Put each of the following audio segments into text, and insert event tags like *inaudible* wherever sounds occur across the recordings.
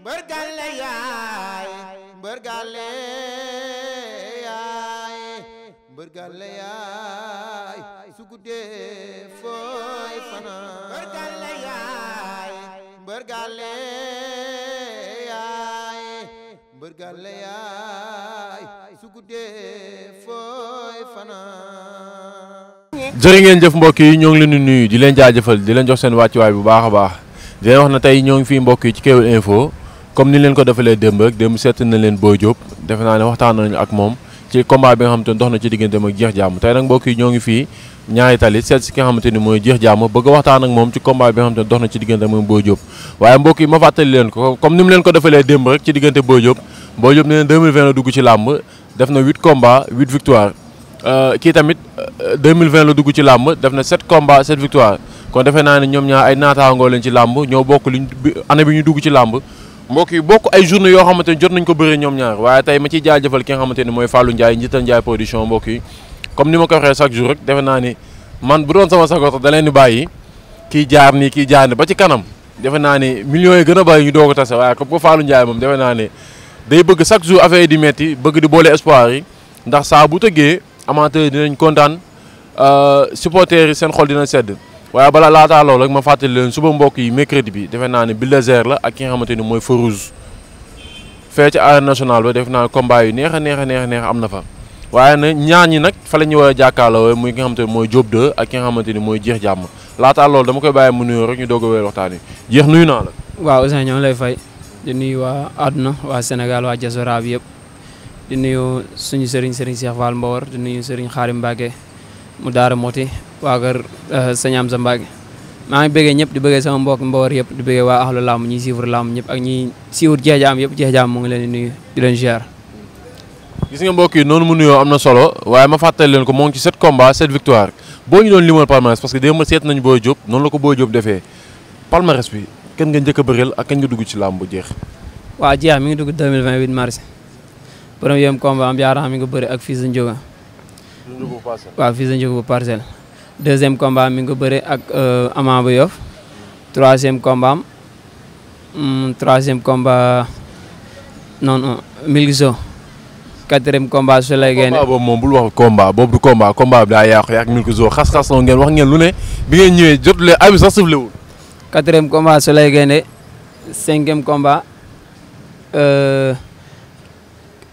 mbër gàlle yaay yaay mbër gàlle yaay su guddee fooy fanaan mbër yaay mbër gàlle fooy fanaan jërë ngeen jëf mbokk yi ñoo ngi leen di nuyu di leen jaajëfal di leen jox seen wàccuwaay bu baax a baax di leen wax na tey ñoo ngi fii mbokk yi ci Kewel Info comme ni leen ko defalee démb rek démb seet na leen Boy Diop defe naa ne waxtaan nañu ak moom ci combat bi nga xamante ni dox na ci digganteem ak Jeex Jàmm tey nag mbokk yi ñoo ngi fii ñaari tali seet mooy Jeex Jàmm bëgg waxtaan ak moom ci combat bi nga xamante ni dox na ci digganteem ak Boy Diop waaye mbokk ma fàttali leen ko comme ni mu leen ko defalee démb rek ci diggante Boy Diop Boy Diop nee na 2020 la dugg ci làmb def na 8 combats 8 victoires euh, kii tamit 2020 euh, la dugg ci làmb def na 7 combats 7 victoires kon defe naa ne ñoom ñaar ay naataangoo leen ci làmb ñoo bokk liñ bi ñu dugg ci làmb mbokk yi bokk ay journée yoo xamante ni jot nañ ko bëri ñoom ñaar waaye tey ma ciy jaajëfal ki nga xamante ne mooy Fallou Ndiaye njiital Ndiaye production mbokk yi comme ni ma ko waxee chaque jour rek defe naa ni man bu doon sama sagoota da leen bàyyi kii jaar nii kii jaar ni ba ci kanam defe naa ni millions yi gën a bëri ñu doog a tase waaye comme que Fallou moom defe naa ne day bëgg chaque jour affaire yi di metti bëgg di boole espoir yi ndax saa bu tëggee amateur dinañ kontaan euh, supporters yi seen xol dina sedd waaye bala laataa loolu rek ma fàttali leen suba mbokk yi mercredi bi defe naa ne Bulldozer la ak ki nga mooy Farouz fee ci arène nationale ba defe naa combat yi neex a neex a neex a neex am na fa waaye na ñaar ñi nag fa la ñu war a jàkkaarloo muy ki nga xamante ni mooy Diop 2 ak mooy Jeex Jàmm laataa loolu dama koy bàyyi mu nuyoo rek ñu doog a wéyal yi Jeex nuyu naa la. waaw Ousseynou ñoo lay fay di nuyu waa àdduna waa Sénégal waa diaspora bi yëpp di nuyu suñu sëriñ sëriñ Cheikh Fall Mbawar di nuyu sëriñ Xaarim mu Daara Moti waa kër eh, sëñ Amsa Mbacké maa ngi bëggee ñëpp di bëggee sama mbokk mboor yëpp di bëggee waa axlu lamb ñiy suivre làmb ñëpp ak ñiy suivre jeexjaam yëpp jeexjaam mu ngi leen di leen ziar. gis nga mbokk yi noonu mu nuyoo am na solo waaye ma fàttali leen ko moo ngi ci 7 combats 7 victoire boo ñu doon limal palmarès parce que démb seet nañu Boy Diop noonu la ko Boy Diop defee palmarès bi kenn nga jëkk a bëreel ak kenn nga dugg ci làmb jeex. waa jeex mi ngi dugg 2028 mars premier combat am yaaraam mi nga bëri ak fii sa waaw fils de Ndiogou bu parcelle deuxième combat mi ngi ko bëre ak euh, Ama bu Yoff troisième combat am hmm, troisième combat non non Milgiso quatrième combat su lay génne. combat boobu moom bul wax combat boobu du combat combat bi daa xas-xas noonu ngeen wax ngeen lu ne bi ngeen ñëwee jotulee abi sax sifle wul. quatrième combat su lay génne cinquième combat euh,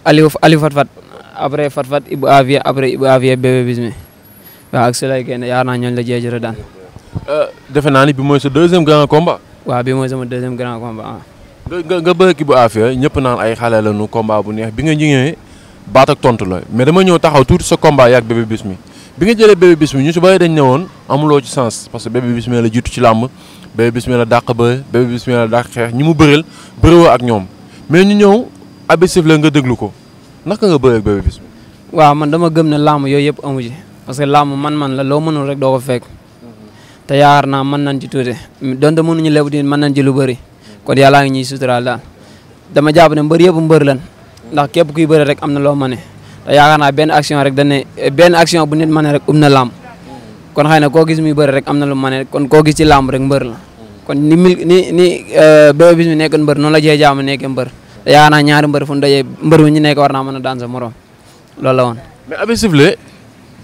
Aliou Aliou Fatfat. après Fat Fat Ibou Avia après Ibou Avia bébé Bismi waaw ak Souley Gaynde yaakaar naa ñooñu la jeejëre daan euh, defe naa ni bi mooy sa deuxième grand combat waaw bi mooy sama deuxième grand combat nga nga bëgg Ibou Afia ñëpp naan ay xale lañu combat bu neex bi nga ñëwee baat tontu la mais dama ñëw taxaw tuuti sa combat yaak bébé Bismi bi nga jëlee bébé Bismi ñu si bari dañ ne woon amuloo ci sens parce que bébé Bismi la jiitu ci làmb bébé Bismi la dàq ba bébé Bismi la dàq xeex ñi mu bëreel bëriwoo ak ñoom mais ñu ñëw abisif la nga déglu ko naka nga bëree ak Bébé Bismi. waaw man dama gëm ne làmb yooyu yëpp amu ci parce que làmb man-man la loo mënul rek doo ko fekk te yaakaar naa mën nañ ci tuuti donte ñu lépp tamit man nañ ci lu bëri kon yala ngi ñuy suturaal daal dama jàpp ne mbër yëpp mbër lan ndax képp kuy bëri rek am na loo mëne te yaakaar naa benn action rek dañ ne benn action bu nit mëne rek um na làmb kon xëy na koo gis muy bëri rek am na lu mëne kon koo gis ci làmb rek mbër la kon ni mil ni ni euh, Bébé Bismi nekkoon mbër noonu la Dieye Diama nekkee mbër yaa naa ñaari mbër fu mu dajee mbër mi ñu nekk war naa mën a daan sa morom loolu la woon. mais abi sifflé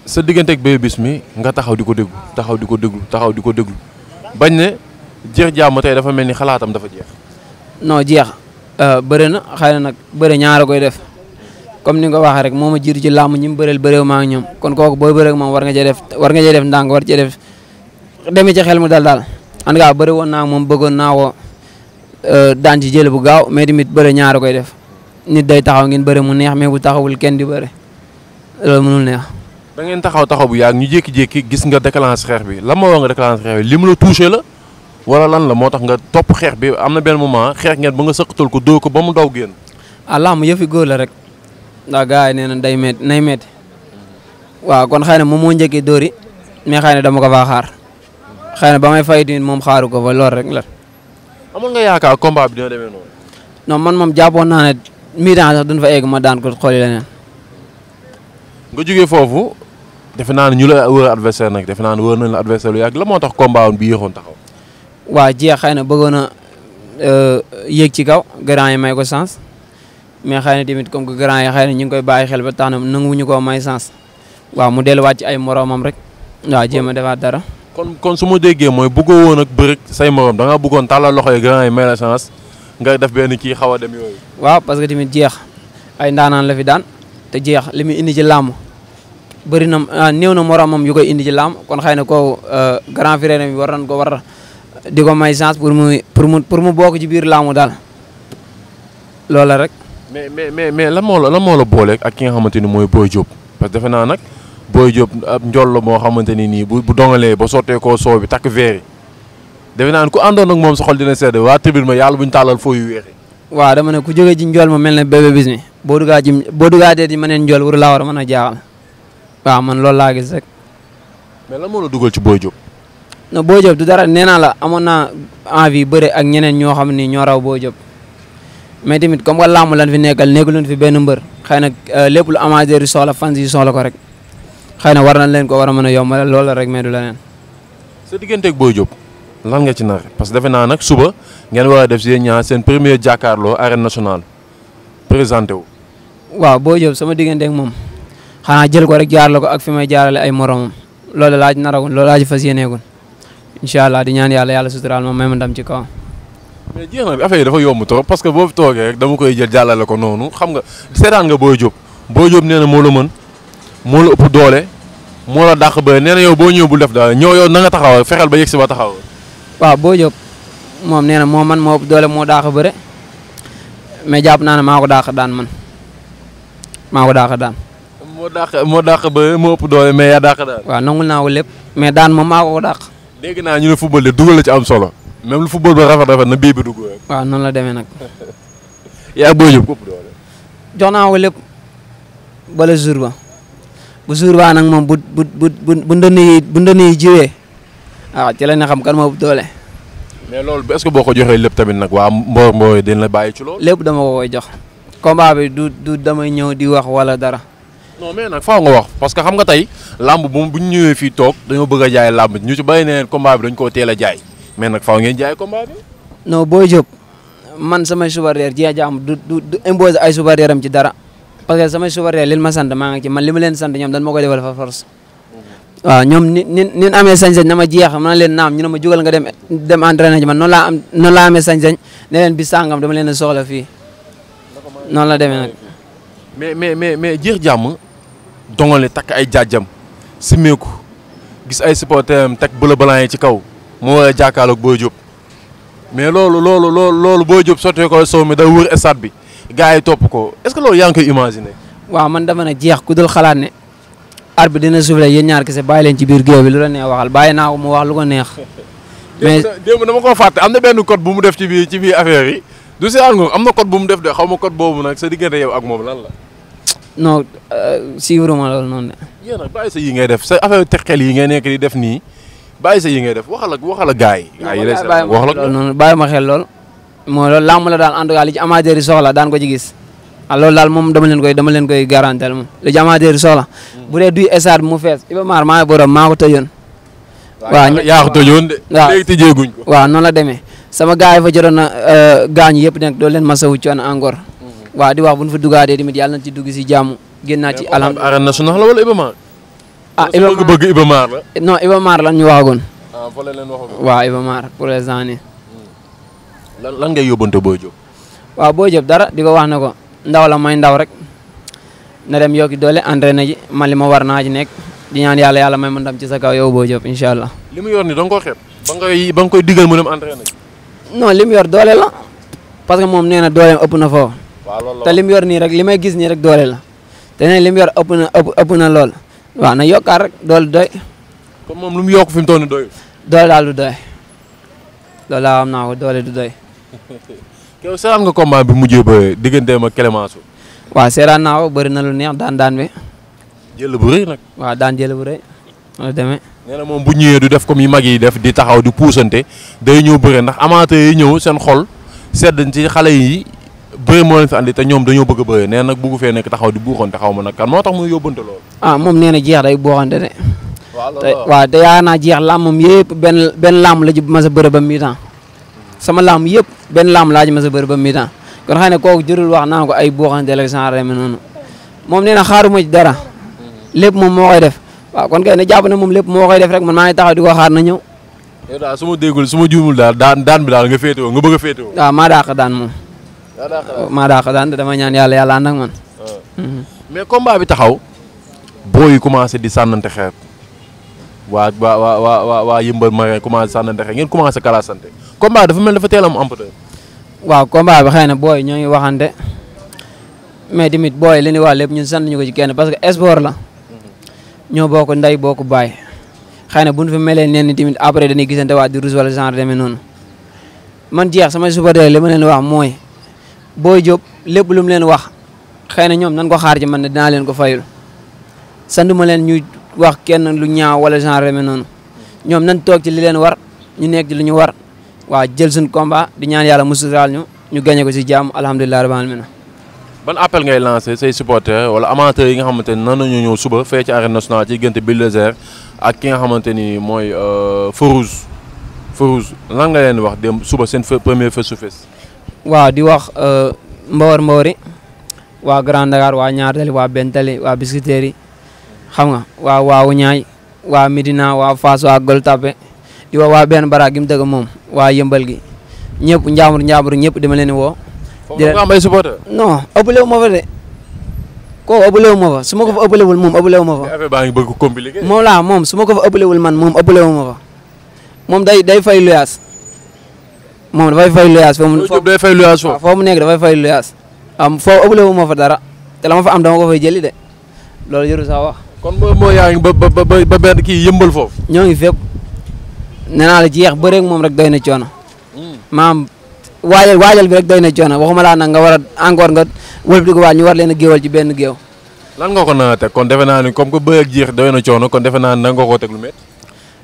sa digganteeg Bébé Bismi nga taxaw di ko déglu taxaw di ko déglu taxaw di ko déglu bañ ne jeex jàmm tey dafa mel ni xalaatam dafa jeex. noo jeex euh, bëre na xëy na nag bëre ñaara koy def comme ni nga ko rek moo ma jiitu ci làmb ñi mu bëreel bëreew maa ngi ñoom kon kooku booy bëreeg moom war nga cee def war nga cee def ndànk war cee def demee ci xel mu dal daal woon naa moom bëggoon naa Euh, daan ci jële bu gaaw mais tamit bëre ñaar koy def nit day taxaw ngeen bëre mu neex mais bu taxawul kenn di bëre loolu mënul neex. da ngeen taxaw taxaw bu yàgg ñu jékki-jékki gis nga déclenche xeex bi lan moo war nga déclenche xeex bi li mu la touché la wala lan la moo tax nga topp xeex bi am na benn moment xeex ngeen ba nga sëqatal ko dóor ko ba mu daw génn. ah làmb yëfi góor la rek ndax gars yi a day métti nay métti waaw kon xëy moom moo njëkkee dóor yi mais dama ko faa xaar xëy na ba may fay moom xaaru ko fa lool rek la. amoon nga yaakaar combat bi dina demee noonu. non man moom jàppoon naa ne mi-temps sax duñ fa egg ma daan ko xooli leneen. nga jógee foofu defe naa ne ñu la wër adversaire nag defe naa ne wër nañ la adversaire lu la moo tax combat bi yéexoon taxaw. waa jeex xëy na bëggoon na euh, yéeg ci kaw grand yi may ko sens mais xëy na tamit comme que grand yi xay na ñu ngi koy bàyyi xel ba tax na nanguwuñu koo may sens waaw mu delluwaat ci ay moroomam rek. waaw jéem a defaat dara. kon kon su ma déggee mooy bëggoo woon ak bëri say morom da nga bëggoon tàllal loxo yi grand yi may la chance nga def benn kii xaw a dem yooyu. waaw parce que tamit jeex ay ndaanaan la fi daan te jeex li muy indi ci làmb bëri na ah, néew na moromam yu koy indi ci làmb kon xay na ko euh, grand frère yi war nañ ko war di ko may chance pour mu pour mu pour mu bokk ci biir làmb daal loola rek. mais mais mais la moo la lan moo ak ki nga xamante ni mooy Boy Diop parce que defe naa nag. Boy Diop ab njool la moo xamante ni nii bu bu dongalee ba sotteekoo soow bi takk veer yi defe naa ne ku àndoon ak moom sa xol dina sedd waa tribune ma yàlla buñ tàllal foo yu weexi waaw dama ne ku jógee ci njool ma mel ne bébé bis mi boo dugaa ji boo dugaa di ma neen njool a mën a jaaxal waaw man loolu laa gis rek mais lan moo dugal ci Boy Diop non Boy Diop dara nee naa la amoon naa envie bëre ak ñeneen ñoo xam ni ñoo raw Boy Diop mais tamit comme que la lan fi nekkal nekkul fi benn mbër xëy na euh, lépp lu amateur yi soxla fans yi soxla ko rek xëy na war nañ leen ko war a mën a yombalal loolu la rek mais du leneen. sa digganteeg nga ci nar parce que defe naa nag suba ngeen war a def si seen premier jàkkaarloo arène nationale présenté wu. waaw Boy Diop sama digganteeg moom xanaa jël ko rek jaarale ko ak fi may jaarale ay moromam loolu laaj naragun loolu laaj fas yéeneegun incha allah di ñaan yàlla yàlla suturaal ma may ma ndam ci kawam. mais jeex na bi affaire yi dafa yomb trop parce que boobu fi rek dama koy jël jàllale ko noonu xam nga seetaan nga Boy Diop Boy Diop nee na moo la mën. moo la ëpp doole moo la dàq ba nee boo ñëw bul def daal ñëw yow na nga fexeel ba yegsi ba taxaw. waa boo jóg moom nee moo man moo ëpp doole moo dàq bëre mais jàpp naa ne maa ko dàq daan man maa ko dàq daan. moo dàq moo dàq bëre moo ëpp doole mais yaa dàq daan. waaw nangul naa ko lépp mais daan moom maa ko dàq. dégg naa ñu ne football de dugal la ci am solo même lu football ba rafet rafet na bii bi dugg rek. noonu la demee nag. *laughs* yaa boo jóg ëpp doole. jox naa ko lépp bala jour ba. bu suur baa nag moom bu bu bu bu ndënd yi bu ndënd yi jiwee waaw ci la xam kan moo doole. mais loolu est-ce que boo ko joxee lépp tamit nag waa mboor mboor yi dañ la bàyyi ci loolu. lépp dama ko koy jox. combat bi du du damay ñëw di wax wala dara. non mais nag faaw nga wax parce que xam nga tey làmb moom bu ñu ñëwee fii toog dañoo bëgg a jaay làmb ñu ci bàyyi neen combat bi dañ koo teel a jaay mais nag faaw ngeen jaay combat bi. non booy jëp man samay supérieur jee jaam du du du imposer ay supérieuram ci dara. parce que samay supporters li ma sant maa ngi ci man li ma leen sant ñoom dañ ma koy defal fa force waaw ñoom ni ni ni amee sañ-sañ na ma jeex ma naa leen naam ñu ne ma jugal nga dem dem entraîné ji man laa amee sañ-sañ ne leen bi sàngam dama leen a soxla fii noonu la demee nag. mais mais mais mais jeex jàmm dongale takk ay jaajam simeeku gis ay supporters am teg bële balan yi ci kaw moo war a jàkkaarloog Boy Diop mais loolu loolu loolu loolu Boy sottee ko sow gars yi topp ko est-ce que loolu yaa ngi koy imaginer. waaw man dama ne jeex ku dul ne arbitre bi dina biir géew bi lu la neex waxal bàyyi naa ko mu wax lu ko neex. mais démb dama koo fàtte am na benn code bu mu def ci biir ci biir affaire yi du si mu de xaw ma code boobu nag sa diggante yow ak euh, ma loolu noonu de. sa yi ngay def sa affaire teqel yi ngay nekk di def nii bàyyi sa yi ngay def waxal ak waxal ak gars yi. wax la bàyyi ma xel lool moo loolu làmb la daal en tout cas li ci amateur yi soxla daan ko ci gis ah loolu daal moom dama leen koy dama leen koy garantel moom li ci amateur yi soxla hmm. bu dee duy stade mu fees Iba Mar maa ngi borom la demee sama gars yi fa jotoon na euh, gaañ yëpp nekk doo leen masawu coono encore hmm. waaw di wax bu ñu fa dugaatee tamit yàlla na ci dugg si jàmm génn naa ci alhamdulilah ah, Iba Mar pour les lan lan ngay yóbbante Boy Diop. waaw Boy Diop dara di ko wax ne ko ndaw la may ndaw rek na dem yokki doole entraîné ji man li ma war naa ci nekk di ñaan yàlla yàlla may ma ndam ci sa kaw yow Boy Diop incha allah. li mu yor nii da nga ba koy ba mu dem entraîné ji. doole la parce que moom nee na dooleem ëpp na fo te li yor nii rek li may gis nii rek doole la te nee li mu yor ëpp na ëpp na lool waaw na yokkaat rek doole doy. kon moom lu mu yokk fi mu toll nii doyul. doole daal du doy loolu laa naa ko doole du doy. yow *laughs* seetaan nga combat bi mujjee ba digganteem ak Clémenceau. waaw seetaan naa ko bëri na lu neex daan daan bi. jël bu rëy nag. waaw daan jël bu rëy. la demee. moom bu ñëwee du def comme mag yi def di taxaw di puusante day ñëw bëre ndax amateur yi ñëw seen xol sedd ci xale yi bëre moo leen fi andi te ñoom dañoo bëgg a bëre nee nag bëggu fee nekk taxaw di buuxante xaw ma nag kan moo tax muy yóbbante loolu. ah moom nee na jeex day buuxante de. waaw te waaw te yaa naa jeex làmm moom benn làmm la ci mas a bëre ba mi sama laam yëpp benn laam laaj ma sa bëri ba mi-temps kon xëy na kooku jërul wax naa ko ay buuxante la genre reme noonu moom nee na xaaruma dara lépp moom moo koy def waaw kon kay na jàpp na moom lépp moo koy def rek man maa ngi taxaw di ko xaar na ñëw yow daal su ma déggul su ma juumul daal daan daan bi daal nga féetewoo nga bëgg a féetewoo maa dàq daan moom maa dàq daan te dama ñaan yàlla yàlla ànd ak man ah. mais combat bi taxaw booy commencé di sànnante xeer waa waa waa waa waa yëmbal ma commencé sànnante xeex ngeen commencé kalaasante combat dafa mel dafa teel am ampleur. waaw combat bi xëy na booy ñoo ngi waxante mais tamit booy li ñuy wax lépp ñun sant ñu ko ci kenn parce que sport la. Mhm. ñoo bokk nday bokk baay. xëy na bu ñu fa melee neen tamit après dañuy gisante waa di rouge wala genre demee noonu man jeex samay supporter li ma leen wax mooy booy Diop lépp lu mu leen wax xëy na ñoom nan ko xaar ci man ne dinaa leen ko fayul ñu wax kenn lu ñaaw wala genre remé noonu ñoom nañ toog ci li leen war ñu nekk ci lu ñu war waa jël suñ combat di ñaan yàlla mu suturaal ñu ñu gagné ko si jàmm alhamdulilah rabbil alamin ban appel ngay lancé say supporters wala amateurs yi nga xamante ni nan nañu ñëw suba fee ci arène nationale ci diggante Bulldozer ak ki nga xamante ni mooy euh, Farouz Farouz lan nga leen wax dem suba seen premier face to face waa di wax euh, Mbawar Mbawar yi waa Grand Dakar waa Ñaar Tali waa yi xam nga waa waawu ñaay waa Medina waa Fass waa Gueule Tapée di woo waa benn baraag gi mu dëgg moom waa yëmbal gi ñëpp njaambur njaambur ñëpp dama leen woo. foofu nga am ay supporter. non ëppale wu ma fa de koo ëppale wu ma fa su ma ko fa ëppale wul moom ëppale wu ma fa. mais affaire baa ngi bëgg ko compliqué. moom laa moom su ma ko fa ëppale wul man moom ëppale wu ma fa moom day day fay luyaas moom dafay fay luyaas. foofu day fay luyaas foofu. foo mu nekk dafay fay luyaas am foofu ëppale wu ma fa dara te la ma fa am dama ko fay jëli de loolu yëru saa wax. kon mooy mooy yaa ngi ba ba ba benn kii yëmbal foofu. ñoo ngi fépp nee naa la jeex ba moom rek doy na coono hmm. maam waajal waajal bi rek doy na coono waxuma laa nag nga war a nga wëlbati ko waat ñu war leen a géewal benn géew. lan nga ko naan teg kon defe naa ni comme que bëy ak jeex doy na coono kon defe naa ne nan nga koo teg lu métti.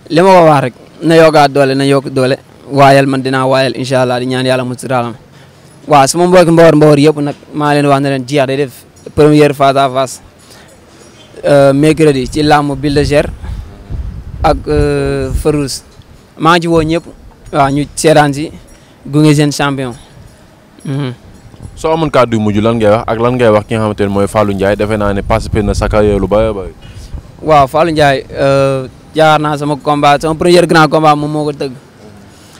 li ma ko wax rek na yokkaat doole na yokk doole waayal man dinaa waayal incha allah di ñaan yàlla ma waaw sama mboor mboor nag maa leen wax ne leen jeex day def Euh, mercredi ci làmb Bulldozer ak euh, Farouz maa ci woo ñëpp waaw ñu seetaan si gunge seen champion. Mhm. soo amoon kàddu yu mujj lan ngay wax ak lan ngay wax ki nga xamante mooy Fallou Ndiaye defe naa ne participé na sa carrière lu bëri bëri. waaw Fallou Ndiaye euh, jaar naa sama combat sama premier grand combat moom moo ko tëgg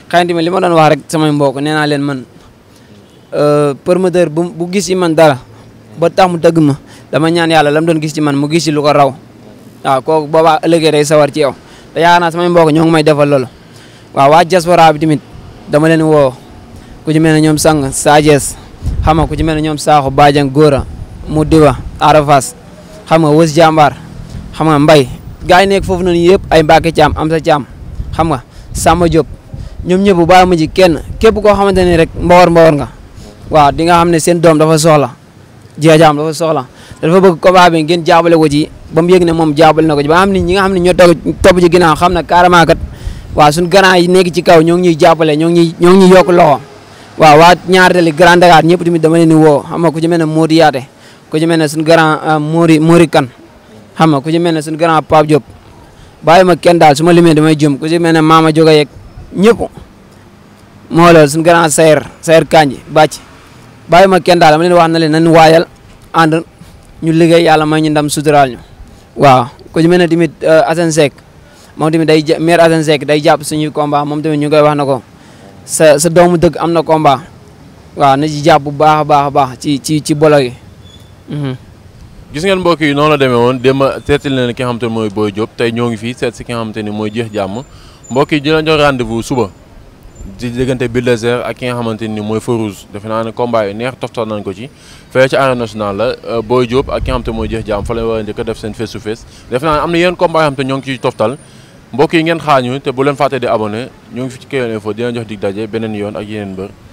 xëy na li doon wax rek samay mbokk nee naa leen man promoteur bu bu gis yi man dara ba tax mu tëgg ma. dama ñaan yàlla lam doon gis ci man mu gis ci lu ko raw waaw kooku boobaa ëllëgee day sawar ci yow te yaakaar naa samay mbokk ñoo defal loolu waaw waa diaspora bi tamit dama leen woo ku ci mel ne ñoom sang Sadiès xam nga ku ci mel ne ñoom Sakho Badiane Gora Moudiba Arafas xam nga Wës Jàmbaar xam nga Mbay gars yi nekk foofu noonu yëpp ay Mbacke Thiam Amsa Thiam xam nga Samba Diop ñoom ñëpp bàyyi ma ji kenn képp koo xamante ne rek mbawar mbawar nga waaw di nga xam ne seen doom dafa soxla jeejaam dafa soxla dafa bëgg combat bi ngeen jaabale ko ci ba mu yëg ne moom jaabale na ko ci ba xam ne ñi nga xam ne ñoo topp ci ginnaaw xam na carrément kat waaw suñu grand yi nekk ci kaw ñoo ngi ñuy jàppale ñoo ngi ñoo ngi ñuy yokk waa ñaar tali Grand Dakar ñëpp tamit dama leen di woo xam nga ku ci mel ne Modou Yaate ku ci mel ne suñu grand euh, Mori Mori Kan xam nga ku ci mel ne suñu grand Pape Diop ma kenn daal su ma limee damay jëm ku ci mel ne Mama Joga yeeg ñëpp moo loolu suñu grand Sayer Sayer Kanji bàcc bàyyi ma kenn daal dama leen wax na leen nañ waayal ànd ñu liggéey yàlla may ñu ndam suturaal ñu waaw ku ci mel ne tamit euh, Assane Seck moom tamit day maire Assane Seck day jàpp suñuy combat moom tamit ñu koy wax na ko sa sa doomu dëgg am na combat waaw na ci jàpp bu baax baax a baax ci ci ci bolo yi. Mhm. gis ngeen mbokk yi noonu la demee woon démb seetal neen ki xam xamante ne mooy Boy Diop tey ñoo ngi fii seet si ki xamante ni mooy jeex jàmm mbokk yi dina jox rendez suba di déggante Bulldozer ak ki nga xamante ni mooy Feu defe naa ne combat yi neex toftal nañ ko ci. fee ci arène nationale la euh, Boy Diop ak ki nga xam te mooy jeex jaam fa la war njëkk a def seen face to face def naa am na yeneen combat yoo ñoo ngi ciy toftal mbokk yi ngeen xaañu te bu leen fàtte di abonné ñoo ngi fi ci Kewel Info dina jox dig daje beneen yoon ak yeneen mbër